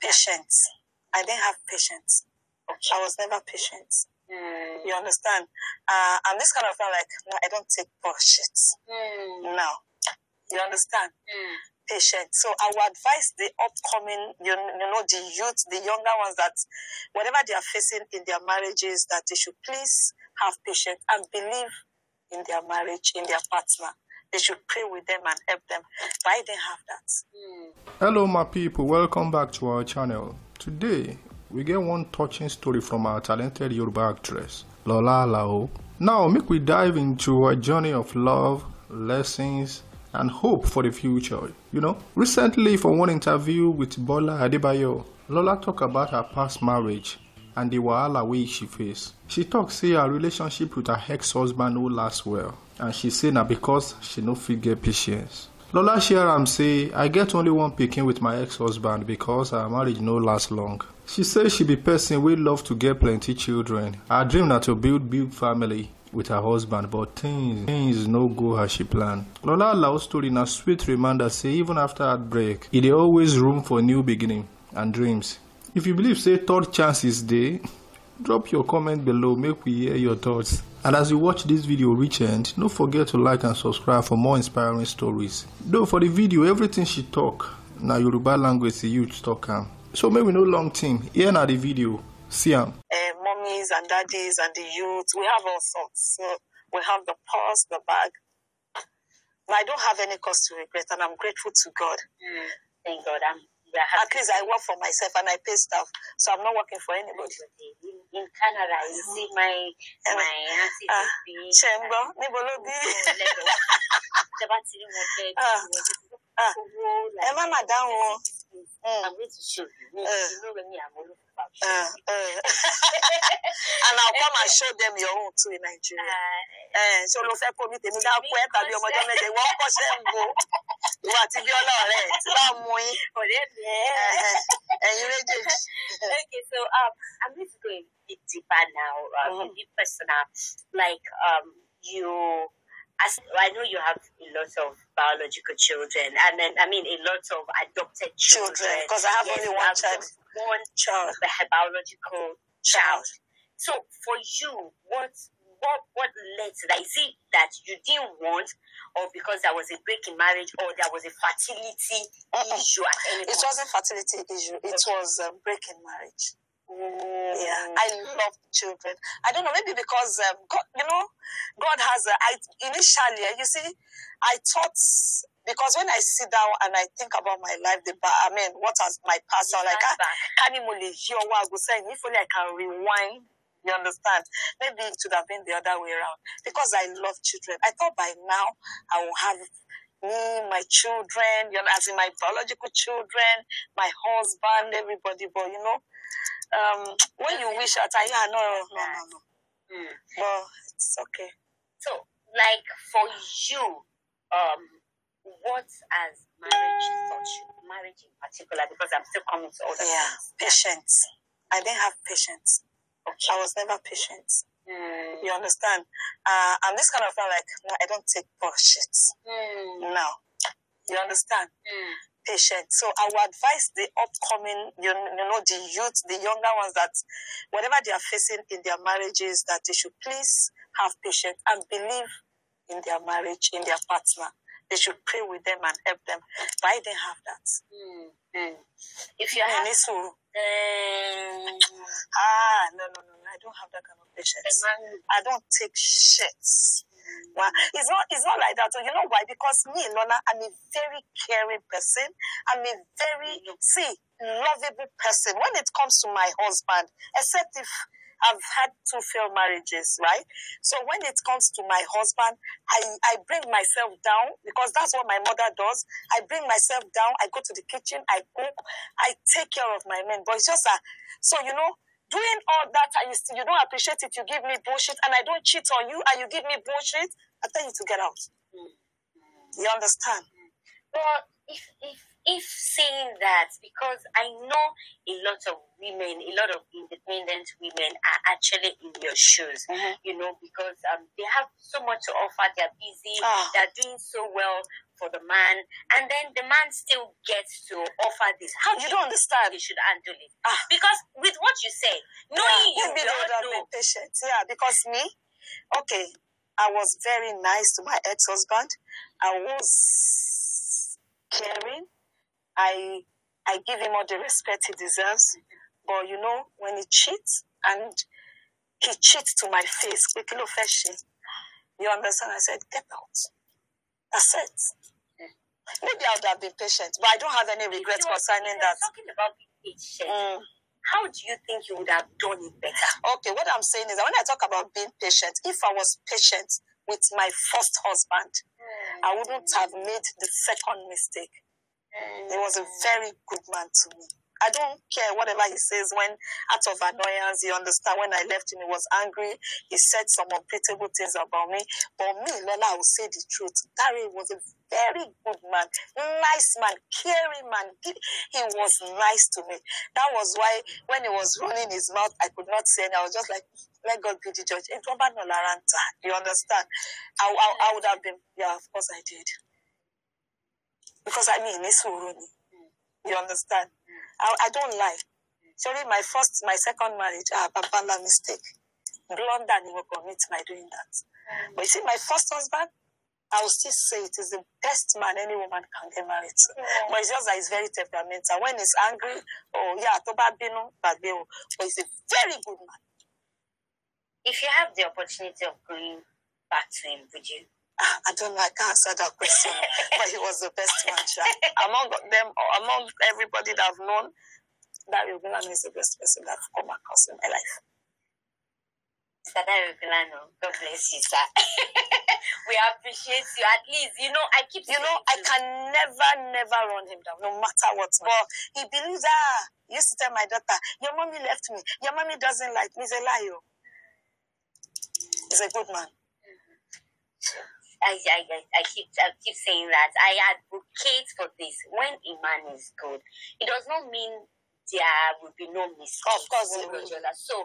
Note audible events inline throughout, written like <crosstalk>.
patient. I didn't have patience. Okay. I was never patient. Mm. You understand? Uh, I'm this kind of person like, no, I don't take bullshit. Mm. No. You understand? Mm. Patient. So I would advise the upcoming, you, you know, the youth, the younger ones that whatever they are facing in their marriages, that they should please have patience and believe in their marriage, in their partner. They should pray with them and help them. But I didn't have that. Hmm. Hello, my people. Welcome back to our channel. Today, we get one touching story from our talented Yoruba actress, Lola Lao. Now, make we dive into her journey of love, lessons, and hope for the future. You know, recently for one interview with Bola Adebayo, Lola talked about her past marriage and the wahala wey she face she tok say her relationship with her ex-husband no last well and she say na because she no fit get patience lola share am say i get only one pikin with my ex-husband because our marriage no last long she say she be person wey love to get plenty children her dream na to build big family with her husband but things things no go as she plan lola alao story na sweet reminder say even after heartbreak e dey always room for new beginning and dreams If you believe say third chance is day, drop your comment below make we hear your thoughts. And as you watch this video reach end, don't forget to like and subscribe for more inspiring stories. Though for the video, everything she talk, na Yoruba language the youth talk So maybe we no long team, here na the video, see am. Uh, mummies and daddies and the youth, we have all sorts. So we have the purse, the bag. But I don't have any cause to regret and I'm grateful to God. Mm, thank God. I'm at least I work for myself and I pay stuff, so I'm not working for anybody. In Canada, you mm-hmm. see my my auntie. Chembo, ah, Nibolodi. Oh, ẹ ah, ah. má má dáhùn o. Mm. I'm going to show you. Eh. You know when you are uh, uh. and I'll come and show them your own too in Nigeria. Ṣé eh. eh, o lo fẹ́ kó mi tèmi dákú ẹ̀ tàbí ọmọdé mẹ́jẹ̀ wọ́n kọ́ ṣẹ́ ń <laughs> bọ̀? What if bí are tí bá mú yín. ọ̀rẹ́ ẹ̀ ẹ̀yin méjèèjì. okay so um, i'm just going to a bit deeper now um, mm-hmm. a bit personal like um, you. As, I know you have a lot of biological children, and then I mean a lot of adopted children. Because I have yes, only one child. One child, biological child. child. So for you, what what what led to that? Is it that you didn't want, or because there was a break in marriage, or there was a fertility issue? it wasn't fertility issue. It okay. was a um, break in marriage. Mm. Yeah, I love children. I don't know, maybe because um, God, you know, God has a. I initially, you see, I thought because when I sit down and I think about my life, the I mean, what has my past? I'm like, I, can't even live saying If only I can rewind you understand? Maybe it should have been the other way around because I love children. I thought by now I will have me, my children, you know, as in my biological children, my husband, everybody. But you know, um, when you wish at I yeah, no, no, no, no. Mm. But it's okay. So, like for you, um, what has marriage taught you? Marriage in particular, because I'm still coming to all the yeah, patience. I didn't have patience. I was never patient. Mm. You understand? Uh, I'm this kind of person like, no, I don't take bullshit. Mm. No. You understand? Mm. Patient. So I would advise the upcoming, you, you know, the youth, the younger ones that whatever they are facing in their marriages, that they should please have patience and believe in their marriage, in their partner they should pray with them and help them. But I didn't have that. Mm. Mm. If you hmm, have, Mm. Ah, no, no, no, I don't have that kind of patience. I don't take shits. Well, it's not it's not like that. So oh, you know why? Because me, Lola, I'm a very caring person. I'm a very mm. see lovable person. When it comes to my husband, except if I've had two failed marriages, right? So when it comes to my husband, I, I bring myself down because that's what my mother does. I bring myself down. I go to the kitchen. I cook. I take care of my men. But it's just a, so, you know, doing all that and you, still, you don't appreciate it. You give me bullshit and I don't cheat on you and you give me bullshit. I tell you to get out. Mm. You understand? Well, if, if if saying that, because I know a lot of women, a lot of independent women are actually in your shoes, mm-hmm. you know, because um, they have so much to offer. They're busy, oh. Ah. they're doing so well for the man, and then the man still gets to offer this. How you do not you understand? You should handle it ah. because with what you say, knowing yeah, you, you do know. patient. Yeah, because me, okay, I was very nice to my ex-husband. I was caring. I I give him all the respect he deserves. But you know, when he cheats and he cheats to my face, quickly fashion. You understand? I said, get out. That's it. Maybe I would have been patient, but I don't have any regrets concerning that. Talking about being patient. Mm how do you think you would have done it better? Okay, what I'm saying is that when I talk about being patient, if I was patient with my first husband, mm. I wouldn't have made the second mistake. He was a very good man to me. I don't care whatever he says when out of annoyance, you understand when I left him, he was angry. He said some unpitiable things about me. But me, Lola, I will say the truth. Dari was a very good man, nice man, caring man. He, was nice to me. That was why when he was running his mouth, I could not say, and I was just like, let God be the judge. You understand? I, I, I would have been, yeah, of course I did. Because I mean, it's Uruni. Mm. You understand? Mm. I, I don't lie. Mm. Sorry, my first, my second marriage, ah, Babala mistake. Blunder and will commit my doing that. But you see, my first husband, I will still say it is the best man any woman can get married to. Yeah. But it's just that he's very temperamental. When he's angry, oh yeah, toba binu, but he's a very good man. If you have the opportunity of going back to him, would you? I don't like answer that question, <laughs> but he was the best man. Among them, among everybody that I've known, that Vilano is the best person that I've come across in my life. Mr. Dario God bless you, sir. <laughs> we appreciate you. At least, you know, I keep. You know, I can never, never run him down, no matter what. But he believes, ah, used to tell my daughter, your mommy left me. Your mommy doesn't like me. He's a liar. He's a good man. Mm-hmm. I, I, I keep I keep saying that I advocate for this. When a man is good, it does not mean there will be no mistake. Of course, So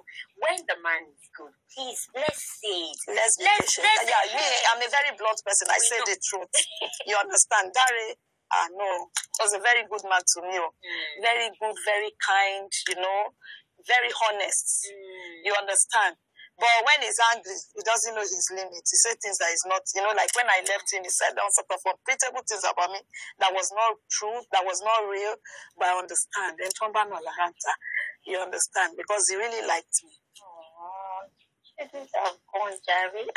when the man is good, please let's say it. Let's let's, let's yeah. Me, I'm a very blunt person. I say know. the truth. <laughs> you understand, Dari? Ah, no, was a very good man to me. Oh. Mm. Very good, very kind. You know, very honest. Mm. You understand? But when he's angry, he doesn't know his limits. He says things that is not, you know, like when I left him, he said all sort of unprintable things about me that was not true, that was not real, but I understand. And Tomba Nolahanta, you understand, because he really liked me. This is a gone, Jerry.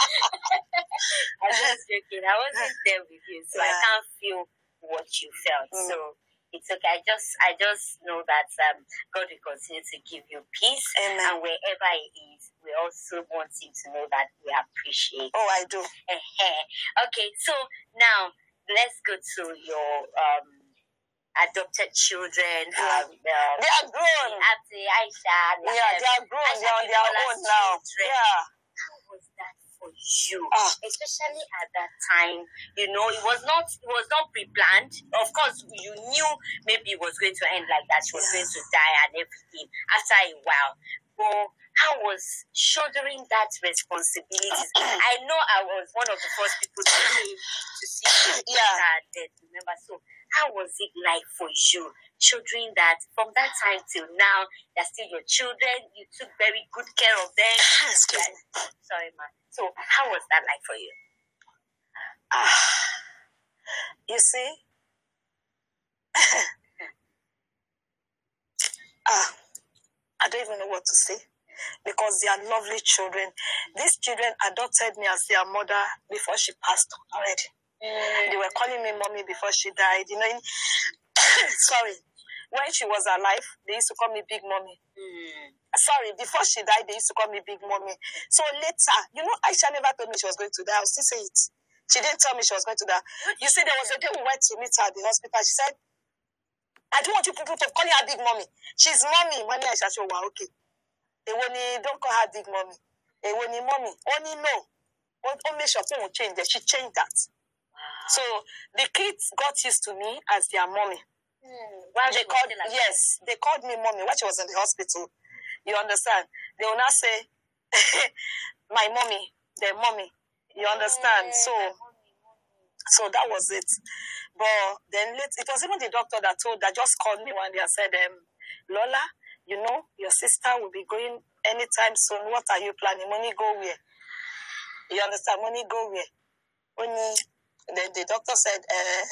<laughs> I'm just joking. I wasn't there with you, so yeah. I can't feel what you felt. Mm. So it's okay. I just I just know that um, God will continue to give you peace, Amen. and wherever it is, we also want you to know that we appreciate. Oh, I do. okay, so now let's go to your um, adopted children. Yeah. Um, they are grown. Auntie Aisha. Yeah, they are grown. They are on their own now. Yeah were ah, especially at that time. You know, it was not it was not pre-planned. Of course, you knew maybe it was going to end like that. She was yeah. going to die and everything after a while. But I was shouldering that responsibility. <coughs> I know I was one of the first people to see, to see yeah. her dead. Remember, so how was it like for you? Children that from that time till now, they're still your children. You took very good care of them. <coughs> Excuse me. Sorry, ma. So, how was that like for you? Ah, <sighs> uh, you see. <coughs> Ah, uh, I don't even know what to say because they are lovely children. These children adopted me as their mother before she passed already. Mm. They were calling me mommy before she died. You know, in, <coughs> sorry. When she was alive, they used to call me big mommy. Mm. Sorry, before she died, they used to call me big mommy. So later, you know, Aisha never told me she was going to die. I'll still say it. She didn't tell me she was going to die. You see, there was a day we went to meet her at the hospital. She said, I don't want you people to call her big mommy. She's mommy. Mommy, I said, wow, okay. Èwo ni don't call her big mommy. Èwo ni mommy. Only no. Only make sure will change that. She changed that. So the kids got used to me as their mommy. Mm, when they called, like yes, that. they called me mommy when she was in the hospital. You understand? They will not say, <laughs> my mommy, their mommy. You understand? Mm, so, so that was it. But then later, it was even the doctor that told, that just called me one day and said, um, Lola, you know, your sister will be going anytime soon. What are you planning? Money go where? You understand? Money go where? Money. Then the doctor said uh,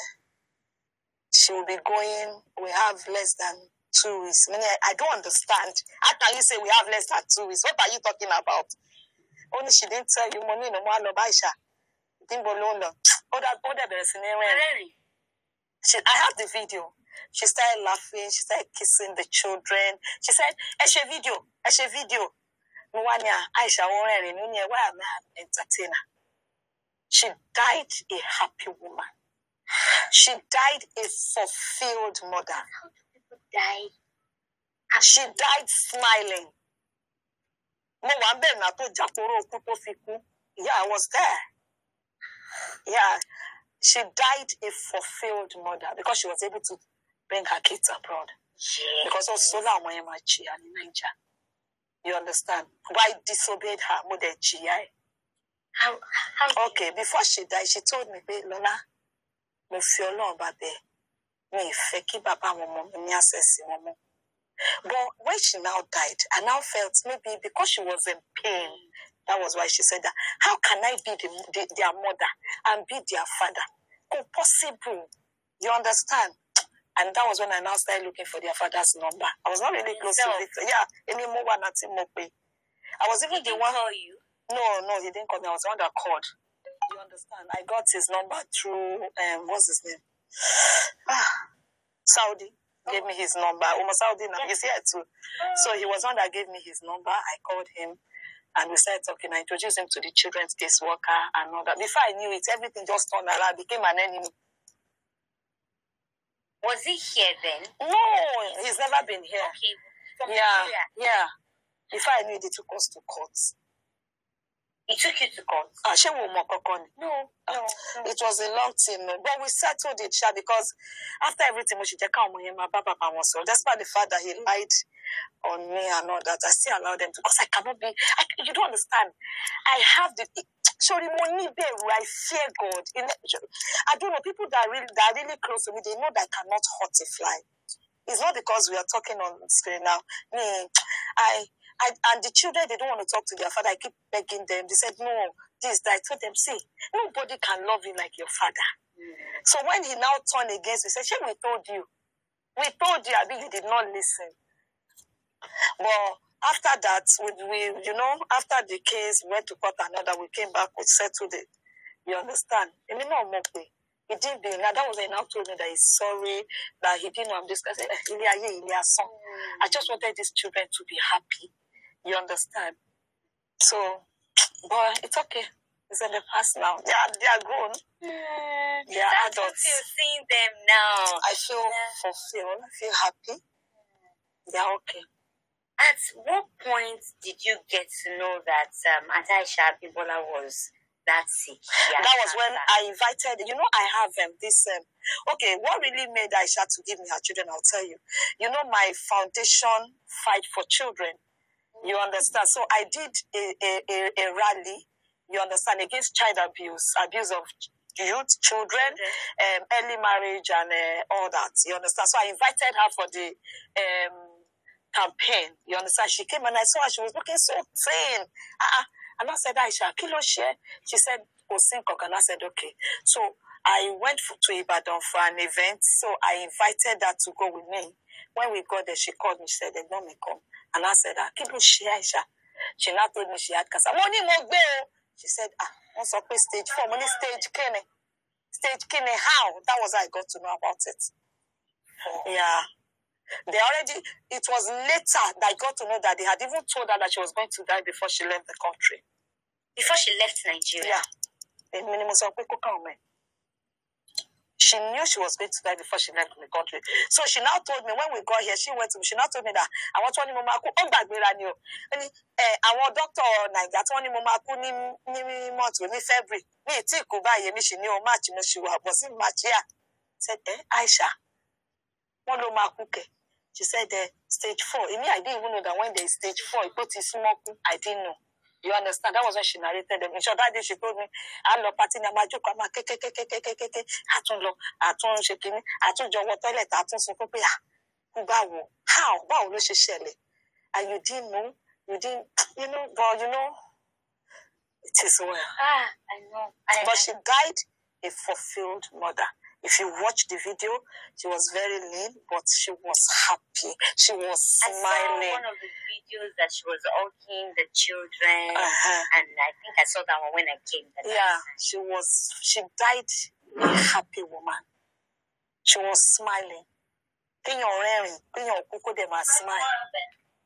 she will be going, we have less than two weeks. I mean, I, don't understand. How can you say we have less than two weeks? What are you talking about? Only she didn't tell you money no more, no baisha. Dimbo lolo. Oh, that, oh, She, I have the video. She started laughing. She started kissing the children. She said, Eshe video, Eshe video. Nwanya, ah, Aisha, why am I an entertainer? She died a happy woman. She died a fulfilled mother. How do people die? she died smiling. Yeah, I was there. Yeah, she died a fulfilled mother because she was able to bring her kids abroad. Because also now my and Niger. You understand? Why disobeyed her mother GI? How, how okay, before she died, she told me, pé Lọ́lá, mo fi Ọlọ́run bá me feki bàbá àwọn ọmọ mi ní àṣẹ̀sì wọn But when she now died, I now felt maybe because she was in pain, that was why she said that. How can I be the, the, their mother and be their father? Kò possible. You understand? And that was when I now started looking for their father's number. I was not really close to it. Yeah, any more one at I was even the one. Call you. No, no, he didn't call me. I was the one that called. You understand? I got his number through um, what's his name? Ah, Saudi gave me his number. Um, Saudi now he's here too. So he was one that gave me his number. I called him and we started talking. I introduced him to the children's caseworker, and all that. Before I knew it, everything just turned around, I became an enemy. Was he here then? No, he's never been here. Okay. From yeah, yeah. Before I knew it, they took us to court. He took you to court. Ah, she won't more court. No, no, no. It was a long time, but we settled it, Sha, because after everything, we should check out my papa and so. Despite the fact that he lied on me and all that, I still allow them to, because I cannot be. I, you don't understand. I have the. Sorry, money I fear God. I don't know people that are really that are really close to me. They know that I cannot hurt a fly. It's not because we are talking on screen now. Me, I I, and the children, they don't want to talk to their father. I keep begging them. They said, no, this, that. I told them, see, nobody can love you like your father. Mm. So when he now turned against me, he said, she, we told you. We told you, I mean, you did not listen. But after that, we, we, you know, after the case, we went to court another, we came back, we settled it. You understand? And you know, Mokwe, he didn't do Now, that was enough told me that he's sorry, that he didn't know I'm discussing. Eh, mm. I just wanted these children to be happy. You understand? So, but it's okay. It's in the past now. They are, they are grown. Mm, they are adults. You're seeing them now. I feel yeah. fulfilled. I feel happy. Mm. They are okay. At what point did you get to know that um, Ataisha Abibola was that sick? Yeah, that was when I invited, you know, I have um, this. Um, okay, what really made Aisha to give me her children, I'll tell you. You know, my foundation fight for children you understand? So I did a, a, a, a rally, you understand, against child abuse, abuse of youth, children, um, early marriage, and uh, all that. You understand? So I invited her for the um, campaign. You understand? She came and I saw her. She was looking so thin. Uh-uh. And I said, Aisha, kilo share. She said, Osin and I said, okay. So I went to Ibadan for an event, so I invited her to go with me. When we got there, she called me, she said, they don't come. And I said, ah, keep ló ṣe Aisha? She now told me she had cancer. money ní mo gbé She said, ah, wọ́n sọ pé stage four, money stage kíni. Stage kíni, how? That was how I got to know about it. Yeah. They already, it was later that I got to know that they had even told her that she was going to die before she left the country. Before she left Nigeria? Yeah. Èmi ni mo sọ pé She knew she was going to die before she left the country. So she now told me when we got here, she went to she now told me that I want wọ́n ní mo máa kú ó gbàgbéra ni o. Ó ní àwọn dókítà Nàìjíríà tí wọ́n ní mo máa kú ní ní February ní ìtì ìkú báyìí she ṣì ní o March mo ṣì wà bọ̀ sí March yà. Ṣé ẹ Aisha One ló máa kú She said eh, stage four. Èmi I didn't even know that when there is stage four, ìpò ti súnmọ́ kú, I didn't know you understand that was when she narrated them in short that day she told me a lọ pati ni a máa jókòó a máa kékékékékékéké àtún lọ àtún ṣe kínní àtún jọ wọ toilet àtún sunkún pé ah báwo how báwo ló ṣe ṣẹlẹ̀ and you didn't know you didn't you know but you know it is well. ah i know. I, but I, she died a fulfilled mother. If you watch the video, she was very lean, but she was happy. She was smiling. I saw one of the videos that she was hugging the children, uh-huh. and I think I saw that one when I came. yeah, she was. She died a happy woman. She was smiling. Téèyàn rẹ́rìn, téèyàn kúkú dẹ̀ máa smile.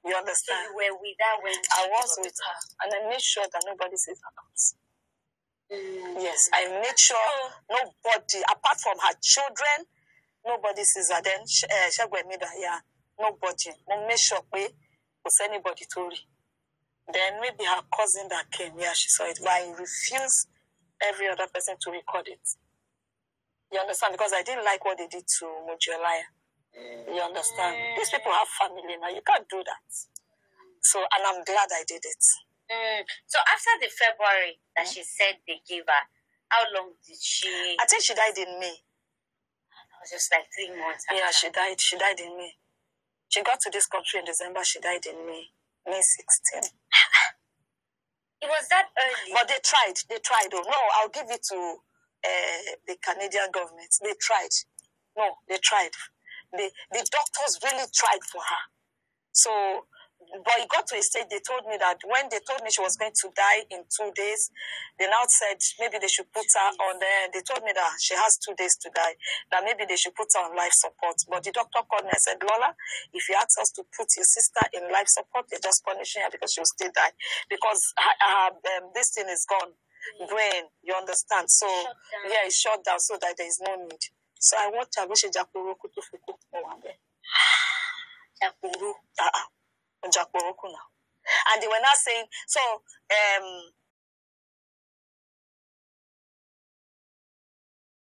You understand? So you were with her when I was with her, and I made sure that nobody says about. Yes, I made sure nobody, apart from her children, nobody sees her. Then she Ṣẹ́gun ẹ̀mí dà, yeah, nobody. Mo make sure we, was anybody tó Then maybe her cousin that came, yeah, she saw it. But I refused every other person to record it. You understand? Because I didn't like what they did to Mojiolaya. You understand? These people have family now. You can't do that. So, and I'm glad I did it. Mm. So after the February that she said they gave her, how long did she? I think she died in May. It was just like three months. After. Yeah, she died. She died in May. She got to this country in December. She died in May, May 16. <laughs> it was that early. But they tried. They tried. Oh no, I'll give it to uh, the Canadian government. They tried. No, they tried. The the doctors really tried for her. So but it got to a stage they told me that when they told me she was going to die in two days, they now said maybe they should put her on there. Eh, they told me that she has two days to die, that maybe they should put her on life support. But the doctor called me and said, Lola, if you ask us to put your sister in life support, they're just punishing her because she'll still die because her, her, um, this thing is gone. Brain, you understand? So, yeah, it's shut down so that there is no need. So, I want to wish you Jakuru Kutufuku. <sighs> Jakuru. Ah, ah. And they were now saying, so um,